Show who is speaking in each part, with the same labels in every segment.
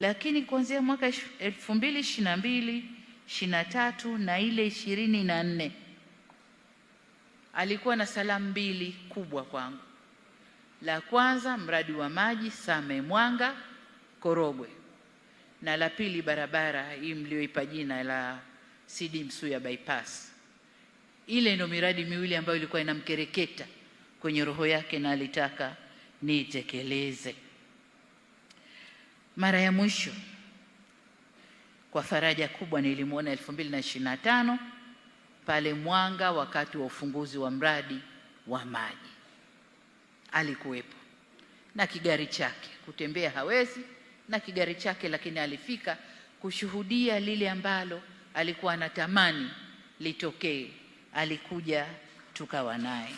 Speaker 1: lakini kuanzia mwaka elfu mbili ishirini na mbili ishirini na tatu na ile ishirini na nne alikuwa na salamu mbili kubwa kwangu. La kwanza mradi wa maji Same Mwanga Korogwe, na la pili barabara hii mlioipa jina la CD Msuya bypass. Ile ndio miradi miwili ambayo ilikuwa inamkereketa kwenye roho yake na alitaka niitekeleze. Mara ya mwisho kwa faraja kubwa nilimwona 2025 pale Mwanga wakati wa ufunguzi wa mradi wa maji alikuwepo na kigari chake, kutembea hawezi na kigari chake, lakini alifika kushuhudia lile ambalo alikuwa anatamani litokee. Alikuja tukawa naye.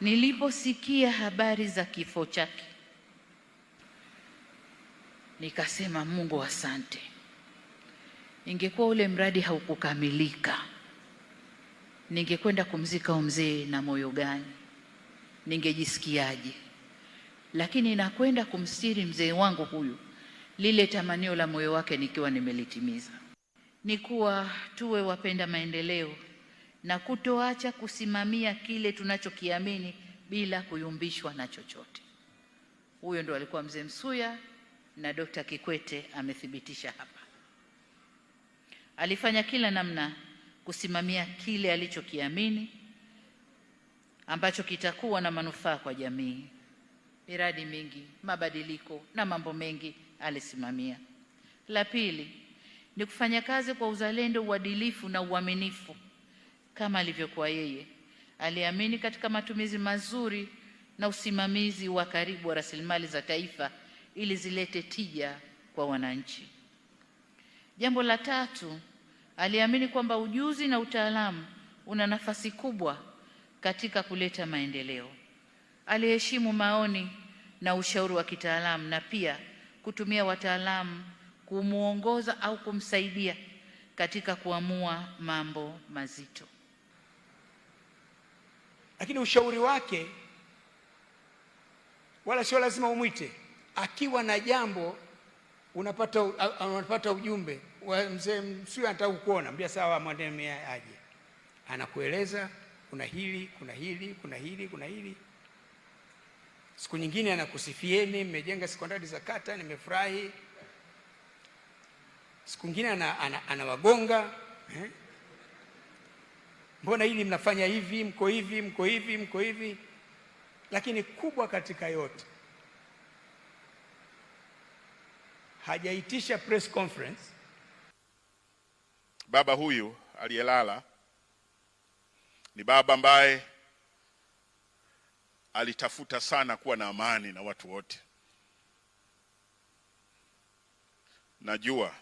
Speaker 1: Niliposikia habari za kifo chake Nikasema Mungu asante. Ingekuwa ule mradi haukukamilika, ningekwenda kumzika mzee na moyo gani? Ningejisikiaje? Lakini nakwenda kumstiri mzee wangu huyu, lile tamanio la moyo wake nikiwa nimelitimiza. Ni kuwa tuwe wapenda maendeleo na kutoacha kusimamia kile tunachokiamini bila kuyumbishwa na chochote. Huyo ndo alikuwa mzee Msuya na Dkt. Kikwete amethibitisha hapa. Alifanya kila namna kusimamia kile alichokiamini ambacho kitakuwa na manufaa kwa jamii. Miradi mingi, mabadiliko na mambo mengi alisimamia. La pili ni kufanya kazi kwa uzalendo, uadilifu na uaminifu kama alivyokuwa yeye. Aliamini katika matumizi mazuri na usimamizi wa karibu wa rasilimali za taifa ili zilete tija kwa wananchi. Jambo la tatu, aliamini kwamba ujuzi na utaalamu una nafasi kubwa katika kuleta maendeleo. Aliheshimu maoni na ushauri wa kitaalamu na pia kutumia wataalamu kumwongoza au kumsaidia katika kuamua mambo mazito.
Speaker 2: Lakini ushauri wake wala sio lazima umwite akiwa na jambo unapata, unapata ujumbe mzee msio anataka kukuona, mbia sawa, mwandeme aje, anakueleza kuna hili kuna hili kuna hili kuna hili. Siku nyingine anakusifieni, mmejenga sekondari za kata, nimefurahi. Siku nyingine anawagonga ana, ana eh? Mbona hili mnafanya hivi, mko hivi mko hivi mko hivi. Lakini kubwa katika yote hajaitisha press conference.
Speaker 3: Baba huyu aliyelala ni baba ambaye alitafuta sana kuwa na amani na watu wote. Najua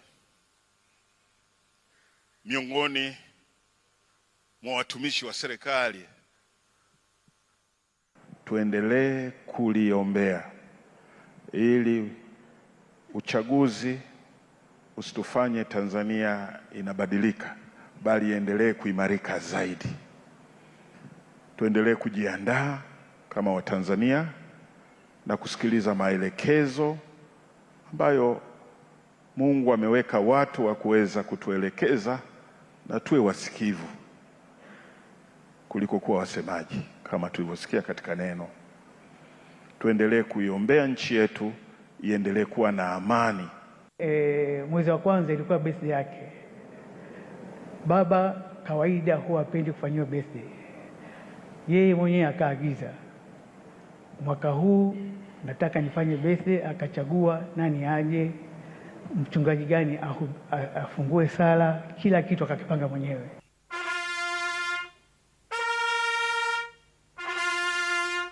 Speaker 3: miongoni mwa watumishi wa serikali
Speaker 4: tuendelee kuliombea ili uchaguzi usitufanye Tanzania inabadilika, bali iendelee kuimarika zaidi. Tuendelee kujiandaa kama Watanzania na kusikiliza maelekezo ambayo Mungu ameweka watu wa kuweza kutuelekeza, na tuwe wasikivu kuliko kuwa wasemaji, kama tulivyosikia katika neno. Tuendelee kuiombea nchi yetu iendelee kuwa na amani.
Speaker 5: E, mwezi wa kwanza ilikuwa birthday yake. Baba kawaida huwa apendi kufanyiwa birthday, yeye mwenyewe akaagiza mwaka huu nataka nifanye birthday. Akachagua nani aje, mchungaji gani afungue sala, kila kitu akakipanga mwenyewe.